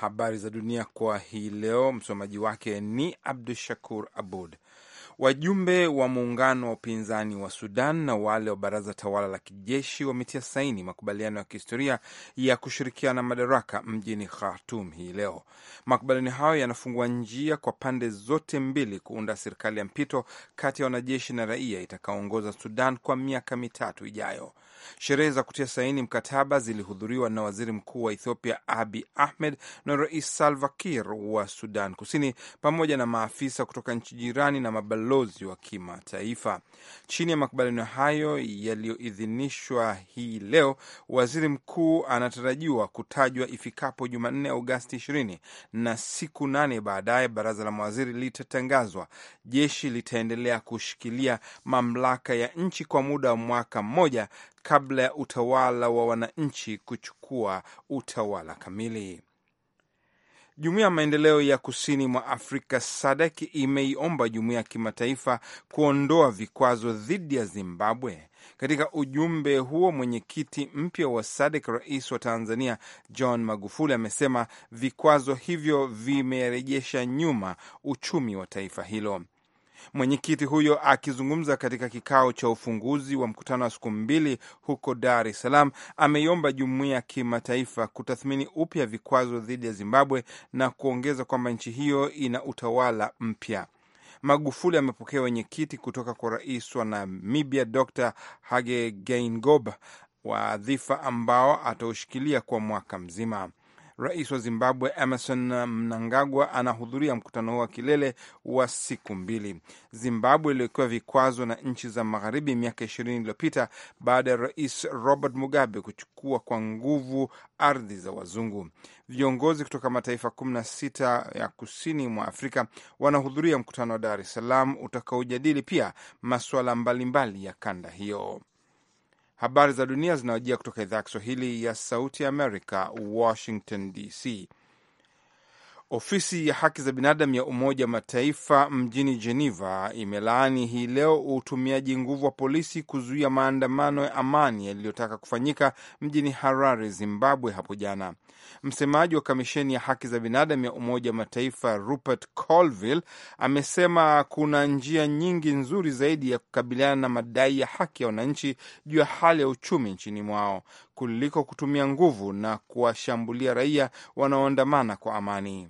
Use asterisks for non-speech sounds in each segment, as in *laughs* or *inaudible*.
habari za dunia kwa hii leo. Msomaji wake ni Abdu Shakur Abud. Wajumbe wa muungano wa upinzani wa Sudan na wale wa baraza tawala la kijeshi wametia saini makubaliano ya kihistoria ya kushirikiana madaraka mjini Khartum hii leo. Makubaliano hayo yanafungua njia kwa pande zote mbili kuunda serikali ya mpito kati ya wanajeshi na raia itakaoongoza Sudan kwa miaka mitatu ijayo. Sherehe za kutia saini mkataba zilihudhuriwa na waziri mkuu wa Ethiopia Abi Ahmed na rais Salva Kiir wa Sudan Kusini, pamoja na maafisa kutoka nchi jirani na mabalozi wa kimataifa. Chini ya makubaliano hayo yaliyoidhinishwa hii leo, waziri mkuu anatarajiwa kutajwa ifikapo Jumanne, Agosti 20 na siku nane baadaye baraza la mawaziri litatangazwa. Jeshi litaendelea kushikilia mamlaka ya nchi kwa muda wa mwaka mmoja kabla ya utawala wa wananchi kuchukua utawala kamili. Jumuiya ya maendeleo ya kusini mwa Afrika SADC imeiomba jumuiya ya kimataifa kuondoa vikwazo dhidi ya Zimbabwe. Katika ujumbe huo, mwenyekiti mpya wa SADC rais wa Tanzania John Magufuli amesema vikwazo hivyo vimerejesha nyuma uchumi wa taifa hilo. Mwenyekiti huyo akizungumza katika kikao cha ufunguzi wa mkutano wa siku mbili huko Dar es Salaam ameiomba jumuiya ya kimataifa kutathmini upya vikwazo dhidi ya Zimbabwe na kuongeza kwamba nchi hiyo ina utawala mpya. Magufuli amepokea wenyekiti kutoka kwa rais wa Namibia Dr Hage Geingob, wadhifa ambao ataushikilia kwa mwaka mzima. Rais wa Zimbabwe Emerson Mnangagwa anahudhuria mkutano huo wa kilele wa siku mbili. Zimbabwe iliwekewa vikwazo na nchi za magharibi miaka ishirini iliyopita baada ya Rais Robert Mugabe kuchukua kwa nguvu ardhi za wazungu. Viongozi kutoka mataifa kumi na sita ya kusini mwa Afrika wanahudhuria mkutano wa Dar es Salaam utakaojadili pia masuala mbalimbali ya kanda hiyo. Habari za dunia zinawajia kutoka idhaa ya Kiswahili ya Sauti ya Amerika, Washington DC. Ofisi ya haki za binadamu ya Umoja wa Mataifa mjini Geneva imelaani hii leo utumiaji nguvu wa polisi kuzuia maandamano ya amani yaliyotaka kufanyika mjini Harare, Zimbabwe hapo jana. Msemaji wa kamisheni ya haki za binadamu ya Umoja wa Mataifa Rupert Colville amesema kuna njia nyingi nzuri zaidi ya kukabiliana na madai ya haki ya wananchi juu ya hali ya uchumi nchini mwao kuliko kutumia nguvu na kuwashambulia raia wanaoandamana kwa amani.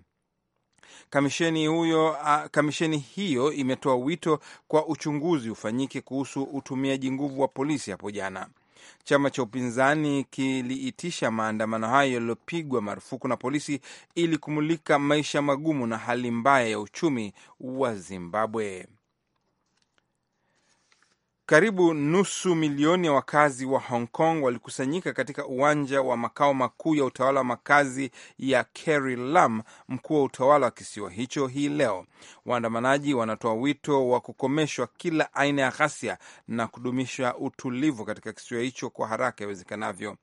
Kamisheni huyo, kamisheni hiyo imetoa wito kwa uchunguzi ufanyike kuhusu utumiaji nguvu wa polisi hapo jana. Chama cha upinzani kiliitisha maandamano hayo yaliyopigwa marufuku na polisi ili kumulika maisha magumu na hali mbaya ya uchumi wa Zimbabwe. Karibu nusu milioni ya wakazi wa Hong Kong walikusanyika katika uwanja wa makao makuu ya utawala wa makazi ya Carrie Lam, mkuu wa utawala wa kisiwa hicho, hii leo. Waandamanaji wanatoa wito wa kukomeshwa kila aina ya ghasia na kudumisha utulivu katika kisiwa hicho kwa haraka iwezekanavyo.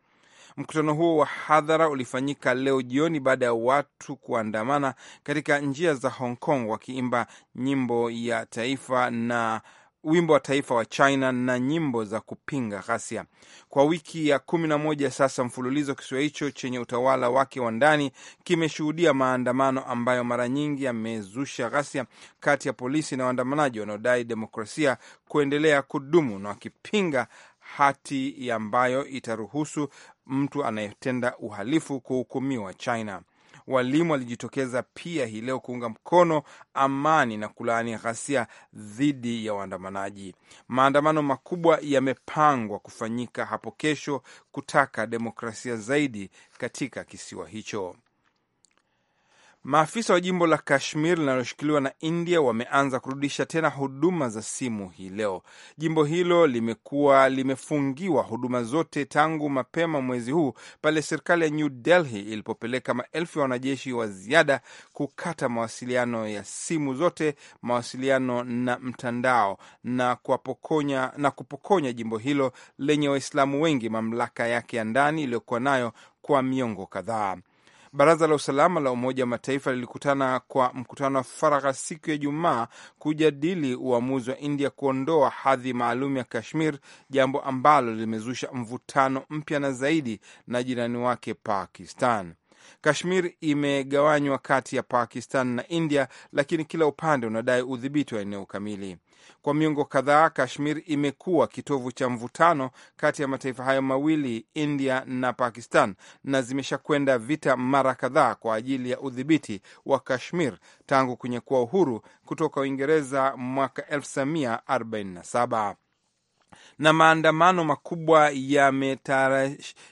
Mkutano huo wa hadhara ulifanyika leo jioni baada ya watu kuandamana katika njia za Hong Kong wakiimba nyimbo ya taifa na wimbo wa taifa wa China na nyimbo za kupinga ghasia. Kwa wiki ya kumi na moja sasa mfululizo, kisiwa hicho chenye utawala wake wa ndani kimeshuhudia maandamano ambayo mara nyingi yamezusha ghasia kati ya polisi na waandamanaji wanaodai demokrasia kuendelea kudumu na wakipinga hati ambayo itaruhusu mtu anayetenda uhalifu kuhukumiwa China. Walimu walijitokeza pia hii leo kuunga mkono amani na kulaani ghasia dhidi ya waandamanaji. Maandamano makubwa yamepangwa kufanyika hapo kesho kutaka demokrasia zaidi katika kisiwa hicho. Maafisa wa jimbo la Kashmir linaloshikiliwa na India wameanza kurudisha tena huduma za simu hii leo. Jimbo hilo limekuwa limefungiwa huduma zote tangu mapema mwezi huu pale serikali ya New Delhi ilipopeleka maelfu ya wanajeshi wa ziada kukata mawasiliano ya simu zote, mawasiliano na mtandao, na kupokonya, na kupokonya jimbo hilo lenye Waislamu wengi mamlaka yake ya ndani iliyokuwa nayo kwa miongo kadhaa. Baraza la usalama la Umoja wa Mataifa lilikutana kwa mkutano wa faragha siku ya Ijumaa kujadili uamuzi wa India kuondoa hadhi maalum ya Kashmir, jambo ambalo limezusha mvutano mpya na zaidi na jirani wake Pakistan. Kashmir imegawanywa kati ya Pakistan na India, lakini kila upande unadai udhibiti wa eneo kamili. Kwa miongo kadhaa, Kashmir imekuwa kitovu cha mvutano kati ya mataifa hayo mawili, India na Pakistan, na zimeshakwenda vita mara kadhaa kwa ajili ya udhibiti wa Kashmir tangu kunyakua uhuru kutoka Uingereza mwaka 1947 na maandamano makubwa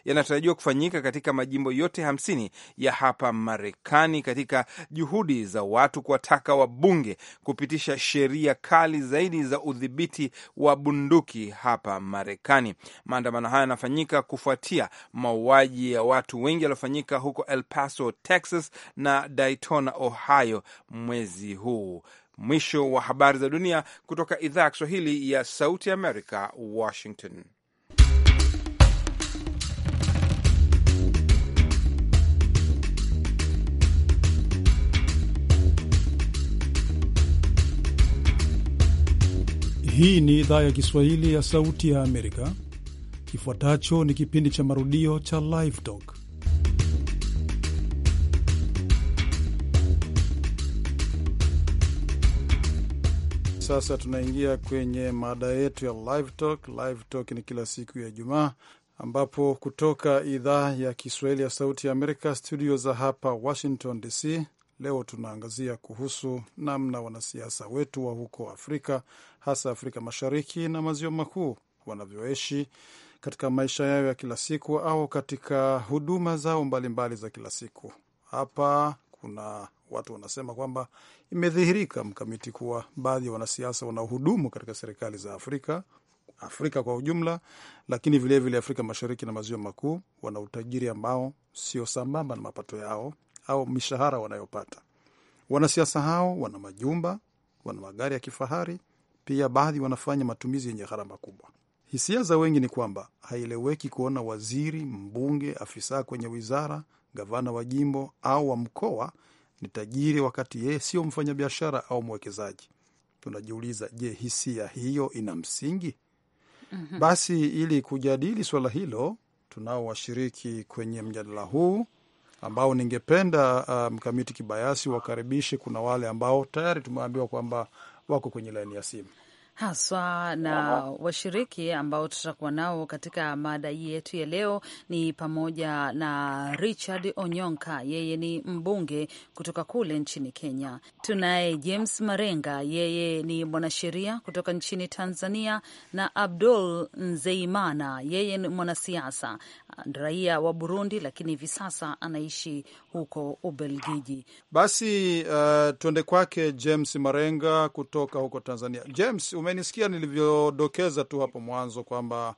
yanatarajiwa kufanyika katika majimbo yote hamsini ya hapa Marekani katika juhudi za watu kuwataka wabunge kupitisha sheria kali zaidi za udhibiti wa bunduki hapa Marekani. Maandamano haya yanafanyika kufuatia mauaji ya watu wengi yaliyofanyika huko El Paso, Texas na Daytona, Ohio mwezi huu. Mwisho wa habari za dunia kutoka idhaa ya Kiswahili ya Sauti Amerika, Washington. Hii ni idhaa ya Kiswahili ya Sauti ya Amerika. Kifuatacho ni kipindi cha marudio cha Live Talk. Sasa tunaingia kwenye mada yetu ya live talk. Live talk ni kila siku ya Ijumaa ambapo kutoka idhaa ya Kiswahili ya Sauti ya Amerika, studio za hapa Washington DC. Leo tunaangazia kuhusu namna wanasiasa wetu wa huko Afrika, hasa Afrika Mashariki na Maziwa Makuu wanavyoishi katika maisha yao ya kila siku au katika huduma zao mbalimbali mbali za kila siku. Hapa kuna watu wanasema kwamba imedhihirika mkamiti kuwa baadhi ya wanasiasa wanaohudumu katika serikali za Afrika Afrika kwa ujumla, lakini vilevile vile Afrika Mashariki na Maziwa Makuu wana utajiri ambao sio sambamba na mapato yao au mishahara wanayopata. Wanasiasa hao wana majumba, wana magari ya kifahari, pia baadhi wanafanya matumizi yenye gharama kubwa. Hisia za wengi ni kwamba haieleweki kuona waziri, mbunge, afisa kwenye wizara, gavana wa jimbo au wa mkoa ni tajiri wakati yeye sio mfanyabiashara au mwekezaji. Tunajiuliza, je, hisia hiyo ina msingi? Mhm. Basi ili kujadili swala hilo tunao washiriki kwenye mjadala huu ambao ningependa uh, mkamiti um, kibayasi wakaribishe. Kuna wale ambao tayari tumeambiwa kwamba wako kwenye laini ya simu haswa na washiriki ambao tutakuwa nao katika mada yetu ya leo ni pamoja na Richard Onyonka, yeye ni mbunge kutoka kule nchini Kenya. Tunaye James Marenga, yeye ni mwanasheria kutoka nchini Tanzania, na Abdul Nzeimana, yeye ni mwanasiasa raia wa Burundi, lakini hivi sasa anaishi huko Ubelgiji. Basi uh, tuende kwake James Marenga kutoka huko Tanzania. James, umenisikia nilivyodokeza tu hapo mwanzo kwamba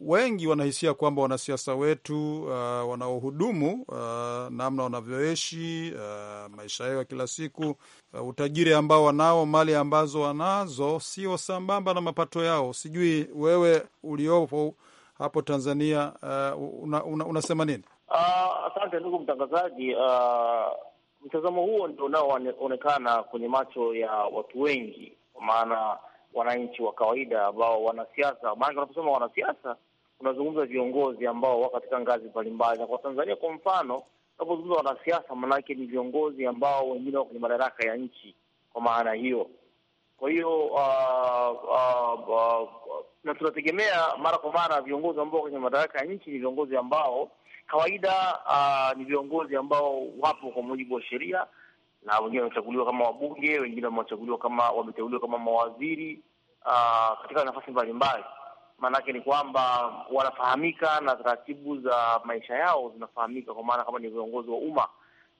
wengi wanahisia kwamba wanasiasa wetu uh, wanaohudumu uh, namna wanavyoishi uh, maisha yao ya kila siku uh, utajiri ambao wanao, mali ambazo wanazo sio sambamba na mapato yao. Sijui wewe uliopo hapo Tanzania uh, una, una, unasema nini? Uh, asante ndugu mtangazaji. Uh, mtazamo huo ndio unaoonekana kwenye macho ya watu wengi, kwa maana wananchi wa kawaida ambao wanasiasa, maanake unaposema wanasiasa unazungumza viongozi ambao wako katika ngazi mbalimbali, na kwa Tanzania kwa mfano unapozungumza wanasiasa, maanake ni viongozi ambao wengine wako kwenye madaraka ya nchi kwa maana hiyo. Kwa hiyo uh, uh, uh, na tunategemea mara kwa mara viongozi ambao kwenye madaraka ya nchi ni viongozi ambao kawaida, uh, ni viongozi ambao wapo kwa mujibu wa sheria na wengine wamechaguliwa kama wabunge, wengine wamechaguliwa kama wameteuliwa kama mawaziri uh, katika nafasi mbalimbali. Maanake ni kwamba wanafahamika na taratibu za maisha yao zinafahamika, kwa maana kama ni viongozi wa umma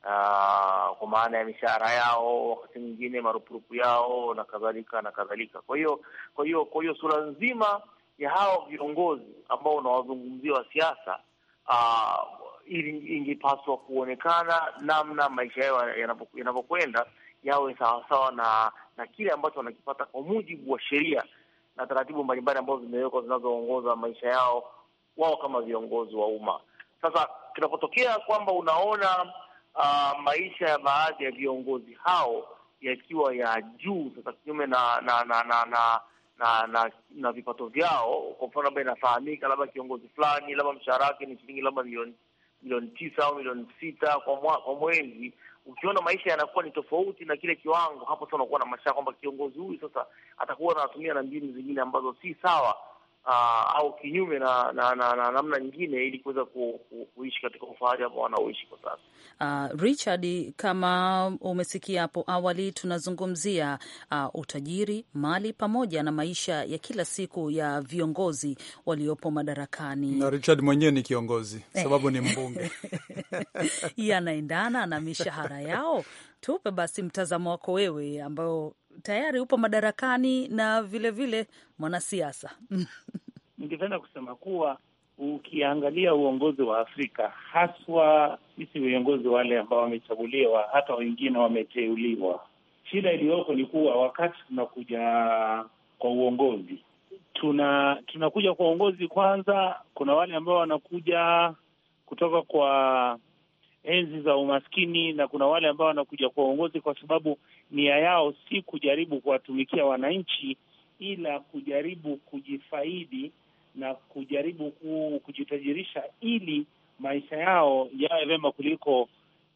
uh, kwa maana ya mishahara yao, wakati mwingine marupurupu yao na kadhalika na kadhalika. Kwa hiyo kwa hiyo kwa hiyo sura nzima ya hao viongozi ambao unawazungumzia wa siasa uh, ili ingepaswa kuonekana namna maisha yao yanavyokwenda yawe sawasawa na na kile ambacho wanakipata kwa mujibu wa sheria na taratibu mbalimbali ambazo zimewekwa zinazoongoza maisha yao wao kama viongozi wa umma. Sasa kinapotokea kwamba unaona uh, maisha ya baadhi ya viongozi hao yakiwa ya juu sasa, kinyume na na na na na na, na, na vipato vyao. Kwa mfano, labda inafahamika labda kiongozi fulani labda mshahara wake ni shilingi labda milioni milioni tisa au milioni sita kwa mwa, kwa mwezi, ukiona maisha yanakuwa ni tofauti na kile kiwango, hapo sasa unakuwa na mashaka kwamba kiongozi huyu sasa atakuwa anatumia na mbinu zingine ambazo si sawa uh, au kinyume na namna na, na, na, nyingine ili kuweza ku, ku, kuishi katika ufahari ambao wanaoishi kwa sasa. Uh, Richard, kama umesikia hapo awali, tunazungumzia uh, utajiri, mali pamoja na maisha ya kila siku ya viongozi waliopo madarakani, na Richard mwenyewe ni kiongozi sababu ni mbunge *laughs* yanaendana na mishahara yao tupe basi mtazamo wako wewe, ambao tayari upo madarakani na vilevile mwanasiasa. *laughs* Ningependa kusema kuwa ukiangalia uongozi wa Afrika haswa sisi viongozi wale ambao wamechaguliwa, hata wengine wameteuliwa, shida iliyoko ni kuwa wakati tunakuja kwa uongozi tuna tunakuja kwa uongozi, kwanza kuna wale ambao wanakuja kutoka kwa enzi za umaskini, na kuna wale ambao wanakuja kwa uongozi kwa sababu nia yao si kujaribu kuwatumikia wananchi, ila kujaribu kujifaidi na kujaribu kujitajirisha ili maisha yao yawe vema kuliko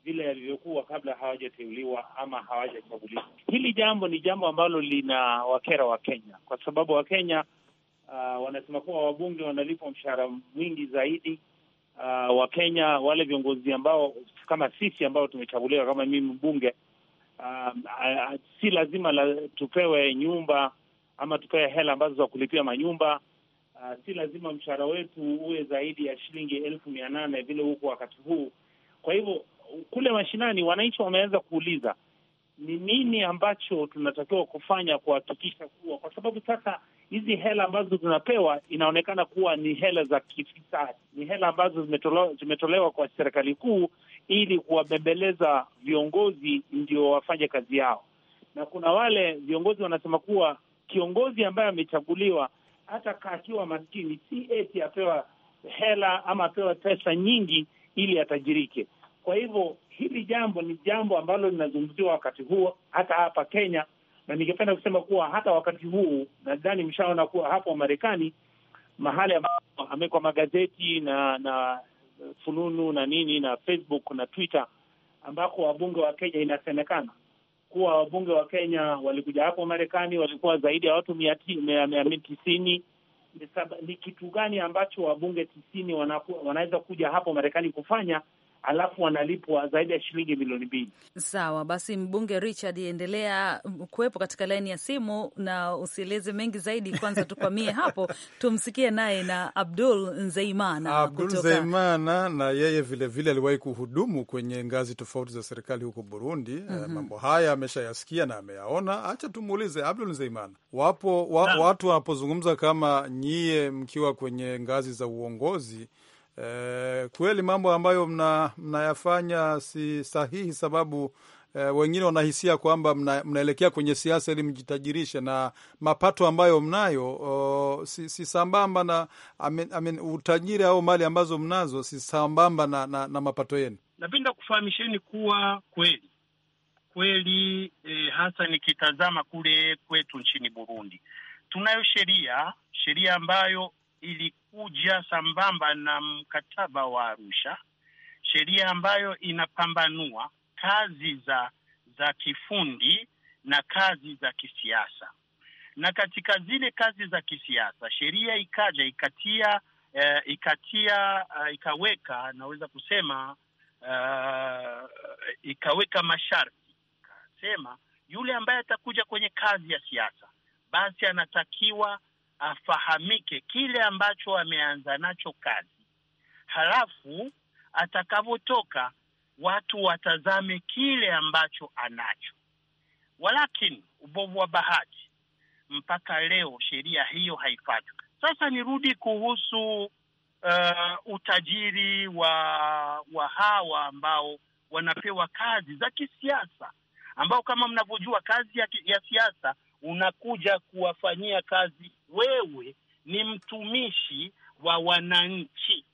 vile yalivyokuwa kabla hawajateuliwa ama hawajachaguliwa. Hili jambo ni jambo ambalo lina wakera wa Kenya kwa sababu Wakenya uh, wanasema kuwa wabunge wanalipwa mshahara mwingi zaidi uh, ah, Wakenya wale viongozi ambao kama sisi ambao tumechaguliwa kama mimi mbunge uh, uh, si lazima la, tupewe nyumba ama tupewe hela ambazo za kulipia manyumba uh, si lazima mshahara wetu uwe zaidi ya shilingi elfu mia nane vile huko wakati huu. Kwa hivyo kule mashinani wananchi wameanza kuuliza ni nini ambacho tunatakiwa kufanya kuhakikisha kuwa, kwa sababu sasa hizi hela ambazo zinapewa inaonekana kuwa ni hela za kifisadi, ni hela ambazo zimetolewa, zimetolewa kwa serikali kuu ili kuwabembeleza viongozi ndio wafanye kazi yao. Na kuna wale viongozi wanasema kuwa kiongozi ambaye amechaguliwa hata akiwa maskini, si eti apewa hela ama apewa pesa nyingi ili atajirike. Kwa hivyo hili jambo ni jambo ambalo linazungumziwa wakati huo hata hapa Kenya na ningependa kusema kuwa hata wakati huu nadhani mshaona kuwa hapo Marekani mahali ambapo amewekwa magazeti na na eh, fununu na nini na Facebook na Twitter ambako wabunge wa Kenya inasemekana kuwa wabunge wa Kenya walikuja hapo Marekani, walikuwa zaidi ya watu mia tisini. Ni kitu gani ambacho wabunge tisini wanaweza kuja hapo Marekani kufanya alafu wanalipwa zaidi ya shilingi milioni mbili. Sawa basi, mbunge Richard, endelea kuwepo katika laini ya simu na usieleze mengi zaidi, kwanza tukwamie *laughs* hapo, tumsikie naye na Abdul Nzeimana. Abdul kutoka... Zeimana na yeye vilevile aliwahi kuhudumu kwenye ngazi tofauti za serikali huko Burundi. mm -hmm. Mambo haya ameshayasikia na ameyaona. Acha tumuulize Abdul Zeimana, wapo wa, watu wanapozungumza kama nyie mkiwa kwenye ngazi za uongozi E, kweli mambo ambayo mna, mnayafanya si sahihi, sababu e, wengine wanahisia kwamba mna, mnaelekea kwenye siasa ili mjitajirishe na mapato ambayo mnayo o, si, si sambamba na amen, amen, utajiri au mali ambazo mnazo si sambamba na, na, na mapato yenu. Napenda kufahamisheni kuwa kweli kweli e, hasa nikitazama kule kwetu nchini Burundi tunayo sheria sheria ambayo ilikuja sambamba na mkataba wa Arusha, sheria ambayo inapambanua kazi za za kifundi na kazi za kisiasa. Na katika zile kazi za kisiasa sheria ikaja ikatia eh, ikatia eh, ikaweka naweza kusema eh, ikaweka masharti, ikasema yule ambaye atakuja kwenye kazi ya siasa basi anatakiwa afahamike kile ambacho ameanza nacho kazi, halafu atakavyotoka watu watazame kile ambacho anacho. Walakini ubovu wa bahati, mpaka leo sheria hiyo haifuatwi. Sasa nirudi kuhusu uh, utajiri wa wa hawa ambao wanapewa kazi za kisiasa, ambao kama mnavyojua kazi ya, ya siasa unakuja kuwafanyia kazi. Wewe ni mtumishi wa wananchi,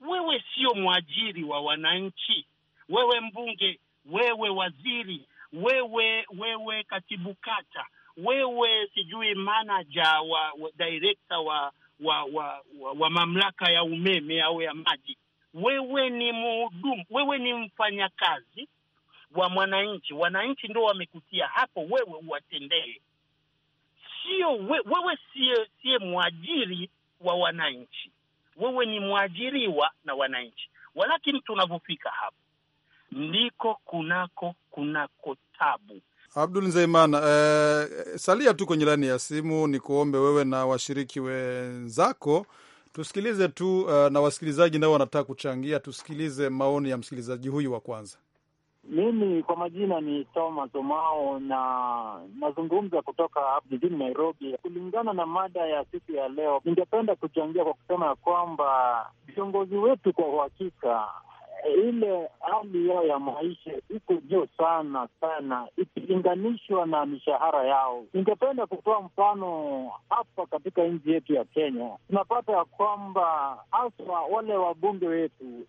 wewe sio mwajiri wa wananchi. Wewe mbunge, wewe waziri, wewe wewe katibu kata, wewe sijui manaja wa, wa direkta wa wa, wa wa wa mamlaka ya umeme au ya maji, wewe ni mhudumu, wewe ni mfanyakazi wa mwananchi. Wananchi ndio wamekutia hapo, wewe uwatendee, sio we, wewe siye, sie mwajiri wa wananchi, wewe ni mwajiriwa na wananchi. Walakini tunavyofika hapo ndiko kunako kunako tabu. Abdul Nzeimana, eh, salia tu kwenye laini ya simu, ni kuombe wewe na washiriki wenzako tusikilize tu, uh, na wasikilizaji nao wanataka kuchangia. Tusikilize maoni ya msikilizaji huyu wa kwanza. Mimi kwa majina ni Thomas Omao na nazungumza kutoka jijini Nairobi. Kulingana na mada ya siku ya leo, ningependa kuchangia kwa kusema ya kwamba viongozi wetu kwa uhakika ile hali yao ya maisha iko juu sana sana ikilinganishwa na mishahara yao. Ningependa kutoa mfano hapa katika nchi yetu ya Kenya, tunapata ya kwamba haswa wale wabunge wetu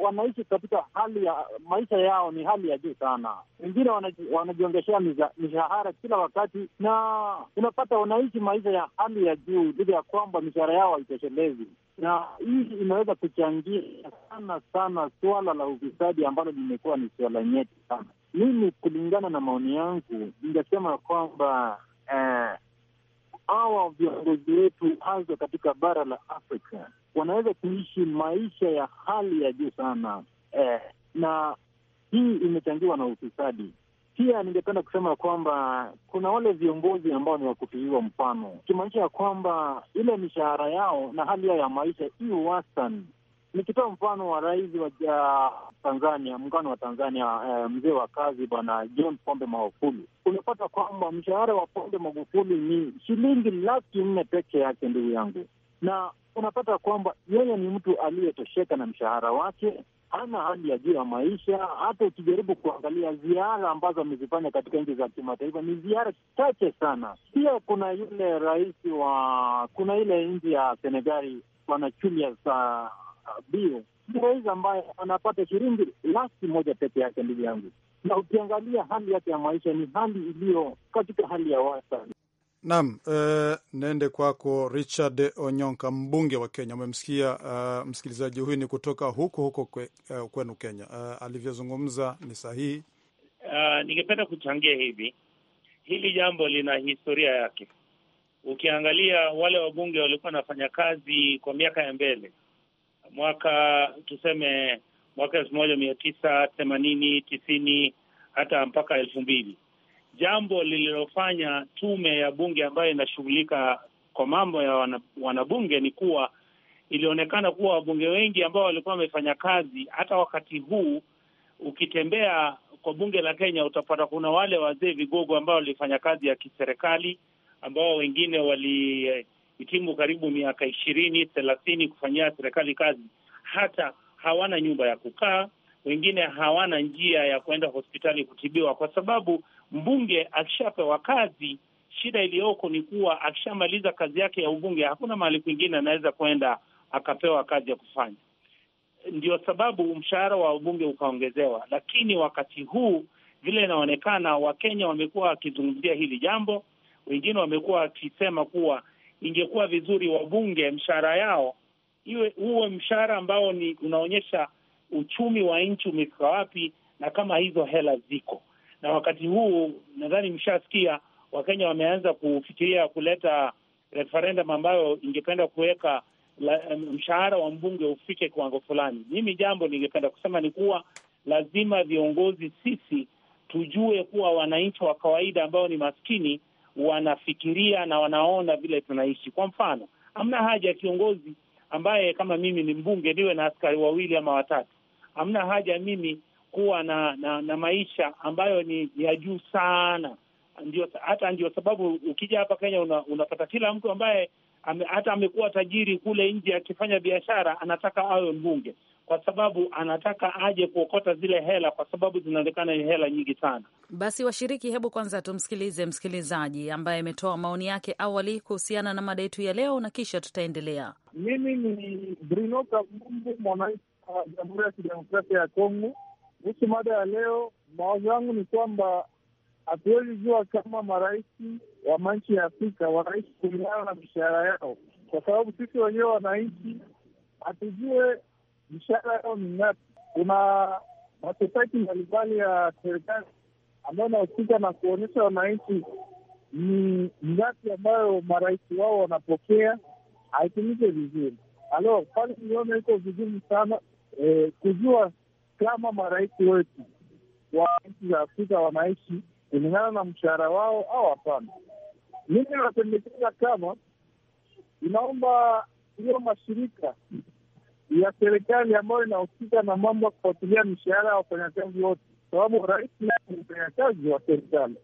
wanaishi katika hali ya maisha yao ni hali ya juu sana. Wengine wanajiongeshea mishahara kila wakati, na unapata wanaishi maisha ya hali ya juu bila ya kwamba mishahara yao haitoshelezi, na hii inaweza kuchangia sana sana suala la ufisadi ambalo limekuwa ni suala nyeti sana. Mimi kulingana na maoni yangu, ningesema kwamba eh, hawa viongozi wetu hasa katika bara la Afrika wanaweza kuishi maisha ya hali ya juu sana eh, na hii imechangiwa na ufisadi. Pia ningependa kusema kwamba kuna wale viongozi ambao ni wakupigiwa mfano, ikimaanisha ya kwamba ile mishahara yao na hali yao ya maisha iwe wastani Nikitoa mfano wa rais wa Tanzania, muungano wa Tanzania, eh, mzee wa kazi bwana John Pombe Magufuli, umepata kwamba mshahara wa Pombe Magufuli ni shilingi laki nne peke yake, ndugu yangu, na unapata kwamba yeye ni mtu aliyetosheka na mshahara wake, hana hali ya juu ya maisha. Hata ukijaribu kuangalia ziara ambazo amezifanya katika nchi za kimataifa ni ziara chache sana. Pia kuna yule rais wa kuna ile nchi ya Senegali bwana Julius ah, bio Mingereza ambaye anapata shilingi laki moja peke yake, ndugu yangu, na ukiangalia hali yake ya maisha ni hali iliyo katika hali ya wastani. Naam, e, eh, nende kwako Richard Onyonka, mbunge wa Kenya. Umemsikia uh, msikilizaji huyu ni kutoka huko huko kwe, uh, kwenu Kenya. Uh, alivyozungumza ni sahihi. Uh, ningependa kuchangia hivi, hili jambo lina historia yake. Ukiangalia wale wabunge walikuwa wanafanya kazi kwa miaka ya mbele mwaka tuseme mwaka elfu moja mia tisa themanini tisini hata mpaka elfu mbili jambo lililofanya tume ya bunge ambayo inashughulika kwa mambo ya wanabunge ni kuwa ilionekana kuwa wabunge wengi ambao walikuwa wamefanya kazi, hata wakati huu ukitembea kwa bunge la Kenya utapata kuna wale wazee vigogo ambao walifanya kazi ya kiserikali, ambao wengine wali eh, hitimu karibu miaka ishirini thelathini kufanyia serikali kazi, hata hawana nyumba ya kukaa, wengine hawana njia ya kuenda hospitali kutibiwa, kwa sababu mbunge akishapewa kazi, shida iliyoko ni kuwa akishamaliza kazi yake ya ubunge, hakuna mahali kwingine anaweza kwenda akapewa kazi ya kufanya. Ndio sababu mshahara wa ubunge ukaongezewa, lakini wakati huu vile inaonekana Wakenya wamekuwa wakizungumzia hili jambo, wengine wamekuwa wakisema kuwa ingekuwa vizuri wabunge mshahara yao iwe huwe mshahara ambao ni unaonyesha uchumi wa nchi umefika wapi, na kama hizo hela ziko. Na wakati huu nadhani mshasikia Wakenya wameanza kufikiria kuleta referendum ambayo ingependa kuweka mshahara wa mbunge ufike kiwango fulani. Mimi jambo ningependa kusema ni kuwa lazima viongozi sisi tujue kuwa wananchi wa kawaida ambao ni maskini wanafikiria na wanaona vile tunaishi. Kwa mfano, hamna haja ya kiongozi ambaye kama mimi ni mbunge niwe na askari wawili ama watatu. Hamna haja mimi kuwa na, na, na maisha ambayo ni ya juu sana. Ndio, hata ndio sababu ukija hapa Kenya una, unapata kila mtu ambaye ame, hata amekuwa tajiri kule nje akifanya biashara anataka awe mbunge kwa sababu anataka aje kuokota zile hela, kwa sababu zinaonekana ni hela nyingi sana. Basi washiriki, hebu kwanza tumsikilize msikilizaji ambaye ametoa maoni yake awali kuhusiana na mada yetu ya leo, na kisha tutaendelea. Mimi ni Bruno Kabumbu, mwananchi wa Jamhuri ya Kidemokrasia ya Kongo. Kuhusu mada ya leo, mawazo yangu ni kwamba hatuwezi jua kama marais wa manchi ya Afrika wanaishi kulingana na mishahara yao, kwa sababu sisi wenyewe wananchi hatujue mshahara yao ni ngapi? Kuna masosaiti mbalimbali ya serikali ambayo inahusika na kuonyesha wananchi ni ngapi ambayo marais wao wanapokea, haitumike vizuri. Halo pale niliona iko vigumu sana eh, kujua kama marais wetu wa nchi za Afrika wanaishi kulingana na mshahara wao au hapana. Mimi napendekeza kama inaomba hiyo mashirika ya serikali ambayo inahusika na mambo ya kufuatilia mishahara ya wafanyakazi wote, sababu rais naye ni mfanyakazi wa serikali.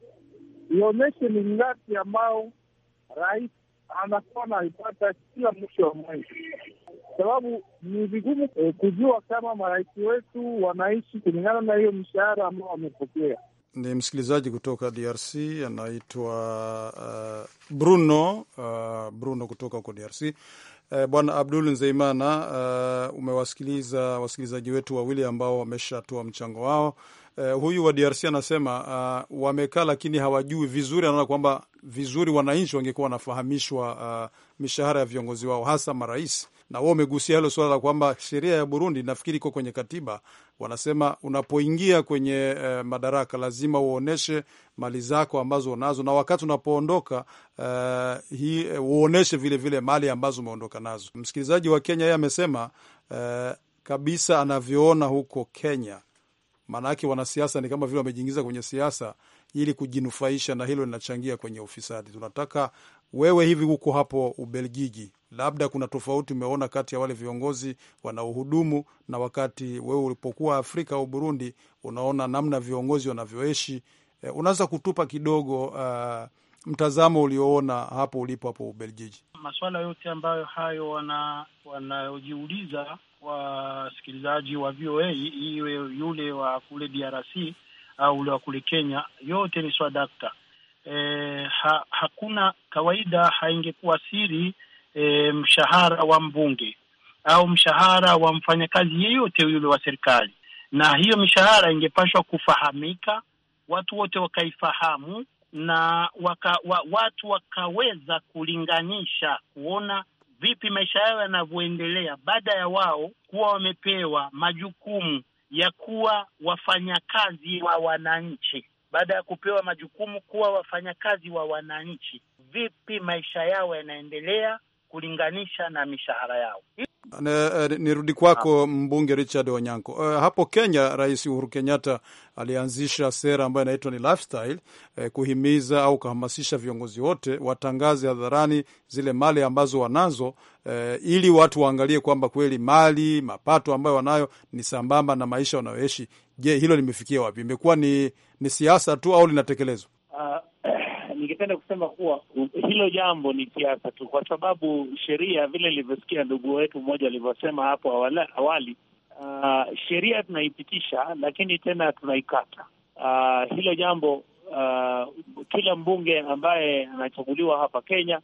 Ionyeshe ni ngapi ambao rais anakuwa anaipata kila mwisho wa mwezi, sababu ni vigumu eh, kujua kama marais wetu wanaishi kulingana na hiyo mishahara ambao wamepokea. Ni msikilizaji kutoka DRC anaitwa uh, Bruno uh, Bruno kutoka huko DRC. Eh, Bwana Abdul Nzeimana, uh, umewasikiliza wasikilizaji wetu wawili ambao wameshatoa mchango wao. Uh, huyu wa DRC anasema uh, wamekaa lakini hawajui vizuri, anaona kwamba vizuri wananchi wangekuwa wanafahamishwa uh, mishahara ya viongozi wao hasa marais na wao umegusia hilo suala la kwamba sheria ya Burundi nafikiri iko kwenye katiba, wanasema unapoingia kwenye eh, madaraka lazima uoneshe mali zako ambazo unazo na wakati unapoondoka uh, hii eh, uoneshe vilevile vile mali ambazo umeondoka nazo. Msikilizaji wa Kenya yeye amesema uh, kabisa anavyoona huko Kenya, maanake wanasiasa ni kama vile wamejiingiza kwenye siasa ili kujinufaisha, na hilo linachangia kwenye ufisadi. Tunataka wewe hivi huko hapo Ubelgiji, labda kuna tofauti umeona kati ya wale viongozi wanaohudumu na wakati wewe ulipokuwa Afrika au Burundi, unaona namna viongozi wanavyoishi? Eh, unaweza kutupa kidogo uh, mtazamo ulioona hapo ulipo hapo Ubelgiji? Masuala yote ambayo hayo wanayojiuliza wana wasikilizaji wa VOA iwe yule wa kule DRC au ule wa kule Kenya, yote ni swadakta eh, ha, hakuna kawaida, haingekuwa siri eh, mshahara wa mbunge au mshahara wa mfanyakazi yeyote yule wa serikali, na hiyo mishahara ingepashwa kufahamika, watu wote wakaifahamu na waka, wa, watu wakaweza kulinganisha kuona vipi maisha yao yanavyoendelea baada ya wao kuwa wamepewa majukumu ya kuwa wafanyakazi wa wananchi baada ya kupewa majukumu kuwa wafanyakazi wa wananchi. Vipi maisha yao yanaendelea kulinganisha na mishahara yao. Eh, nirudi kwako mbunge Richard Onyanko. Uh, eh, hapo Kenya Rais Uhuru Kenyatta alianzisha sera ambayo inaitwa ni lifestyle, eh, kuhimiza au kuhamasisha viongozi wote watangaze hadharani zile mali ambazo wanazo, eh, ili watu waangalie kwamba kweli mali mapato ambayo wanayo ni sambamba na maisha wanayoishi. Je, hilo limefikia wapi? Imekuwa ni, ni siasa tu au linatekelezwa? Uh, ningependa kusema kuwa hilo jambo ni siasa tu, kwa sababu sheria vile ilivyosikia ndugu wetu mmoja alivyosema hapo awali, awali uh, sheria tunaipitisha lakini tena tunaikata. Uh, hilo jambo uh, kila mbunge ambaye anachaguliwa hapa Kenya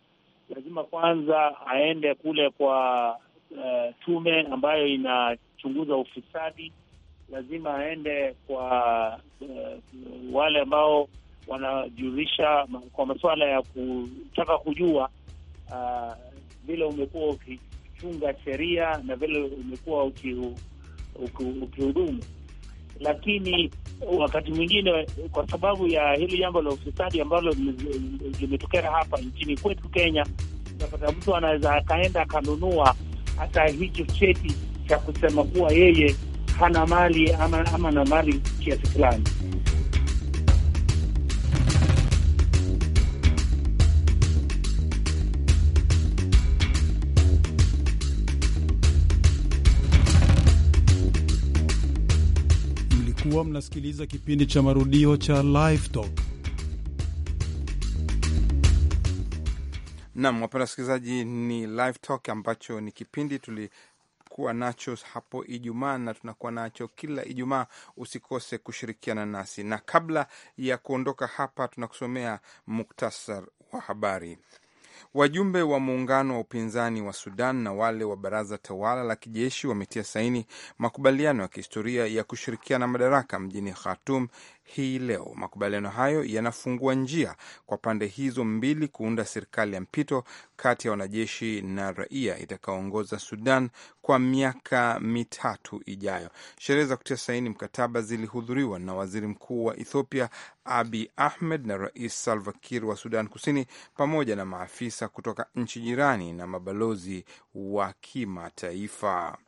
lazima kwanza aende kule kwa uh, tume ambayo inachunguza ufisadi, lazima aende kwa uh, wale ambao wanajulisha kwa masuala ya kutaka kujua uh, vile umekuwa ukichunga sheria na vile umekuwa ukihudumu uki, uki, lakini wakati mwingine kwa sababu ya hili jambo la ufisadi ambalo limetokea hapa nchini kwetu Kenya, unapata mtu anaweza akaenda akanunua hata hicho cheti cha kusema kuwa yeye hana mali ama, ama na mali kiasi fulani. kuwa mnasikiliza kipindi cha marudio cha Live Talk. Naam, wapenda wasikilizaji, ni Live Talk ambacho ni kipindi tuli kuwa nacho hapo Ijumaa na tunakuwa nacho kila Ijumaa. Usikose kushirikiana nasi, na kabla ya kuondoka hapa, tunakusomea muktasar wa habari. Wajumbe wa muungano wa upinzani wa Sudan na wale wa baraza tawala la kijeshi wametia saini makubaliano ya kihistoria ya kushirikiana madaraka mjini Khartum hii leo. Makubaliano hayo yanafungua njia kwa pande hizo mbili kuunda serikali ya mpito kati ya wanajeshi na raia itakaoongoza Sudan kwa miaka mitatu ijayo. Sherehe za kutia saini mkataba zilihudhuriwa na waziri mkuu wa Ethiopia Abi Ahmed na rais Salva Kiir wa Sudan Kusini, pamoja na maafisa kutoka nchi jirani na mabalozi wa kimataifa.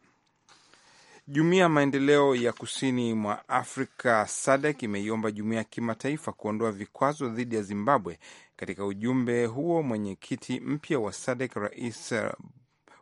Jumuiya ya maendeleo ya kusini mwa Afrika SADC imeiomba jumuiya ya kimataifa kuondoa vikwazo dhidi ya Zimbabwe. Katika ujumbe huo, mwenyekiti mpya wa SADC Rais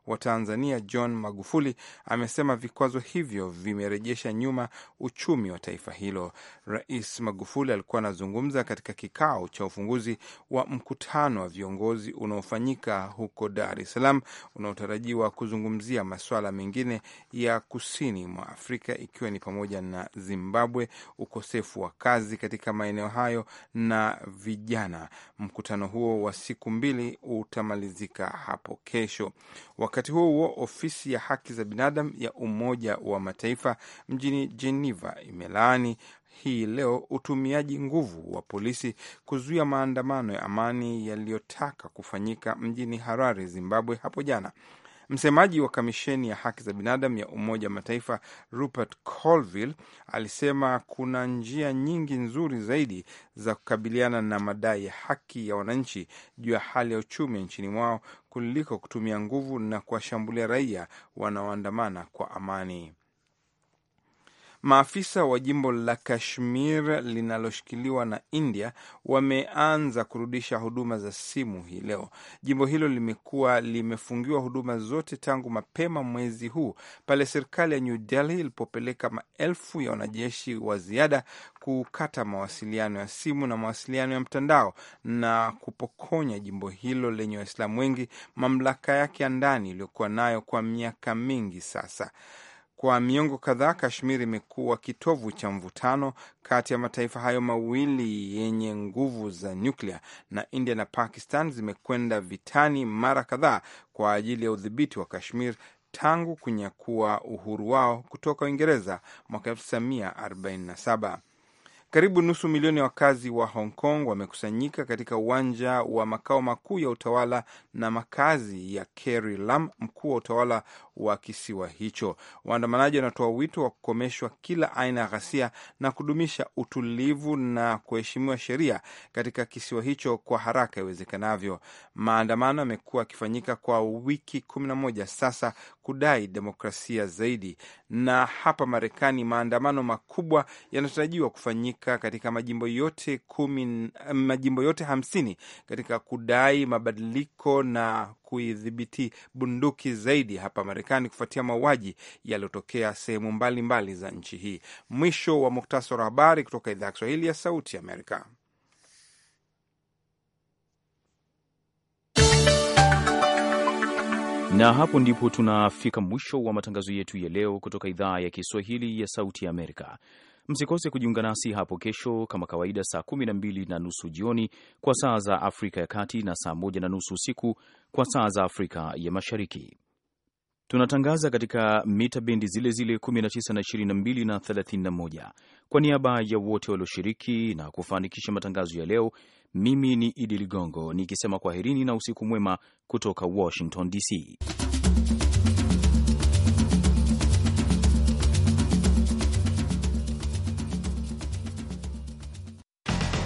wa Tanzania John Magufuli amesema vikwazo hivyo vimerejesha nyuma uchumi wa taifa hilo. Rais Magufuli alikuwa anazungumza katika kikao cha ufunguzi wa mkutano wa viongozi unaofanyika huko Dar es Salaam unaotarajiwa kuzungumzia masuala mengine ya kusini mwa Afrika ikiwa ni pamoja na Zimbabwe, ukosefu wa kazi katika maeneo hayo na vijana. Mkutano huo wa siku mbili utamalizika hapo kesho. Waka Wakati huo huo, ofisi ya haki za binadamu ya Umoja wa Mataifa mjini Geneva imelaani hii leo utumiaji nguvu wa polisi kuzuia maandamano ya amani yaliyotaka kufanyika mjini Harare, Zimbabwe hapo jana. Msemaji wa kamisheni ya haki za binadamu ya Umoja wa Mataifa Rupert Colville alisema kuna njia nyingi nzuri zaidi za kukabiliana na madai ya haki ya wananchi juu ya hali ya uchumi nchini mwao kuliko kutumia nguvu na kuwashambulia raia wanaoandamana kwa amani. Maafisa wa jimbo la Kashmir linaloshikiliwa na India wameanza kurudisha huduma za simu hii leo. Jimbo hilo limekuwa limefungiwa huduma zote tangu mapema mwezi huu pale serikali ya New Delhi ilipopeleka maelfu ya wanajeshi wa ziada kukata mawasiliano ya simu na mawasiliano ya mtandao na kupokonya jimbo hilo lenye Waislamu wengi mamlaka yake ya ndani iliyokuwa nayo kwa miaka mingi sasa. Kwa miongo kadhaa, Kashmir imekuwa kitovu cha mvutano kati ya mataifa hayo mawili yenye nguvu za nyuklia, na India na Pakistan zimekwenda vitani mara kadhaa kwa ajili ya udhibiti wa Kashmir tangu kunyakua uhuru wao kutoka Uingereza mwaka 1947. Karibu nusu milioni ya wakazi wa Hong Kong wamekusanyika katika uwanja wa makao makuu ya utawala na makazi ya Carrie Lam, mkuu wa utawala wa kisiwa hicho. Waandamanaji wanatoa wito wa kukomeshwa kila aina ya ghasia na kudumisha utulivu na kuheshimiwa sheria katika kisiwa hicho kwa haraka iwezekanavyo. Maandamano yamekuwa yakifanyika kwa wiki kumi na moja sasa kudai demokrasia zaidi. Na hapa Marekani, maandamano makubwa yanatarajiwa kufanyika katika majimbo yote kumi, majimbo yote hamsini katika kudai mabadiliko na kuidhibiti bunduki zaidi hapa Marekani kufuatia mauaji yaliyotokea sehemu mbalimbali za nchi hii. Mwisho wa muktasari wa habari kutoka idhaa ya Kiswahili ya Sauti Amerika. Na hapo ndipo tunafika mwisho wa matangazo yetu ya leo kutoka idhaa ya Kiswahili ya Sauti ya Amerika. Msikose kujiunga nasi hapo kesho kama kawaida, saa 12 na nusu jioni kwa saa za Afrika ya Kati na saa 1 na nusu usiku kwa saa za Afrika ya Mashariki. Tunatangaza katika mita bendi zile zile 19, 22 na 31. Kwa niaba ya wote walioshiriki na kufanikisha matangazo ya leo, mimi ni Idi Ligongo nikisema kwaherini na usiku mwema kutoka Washington DC.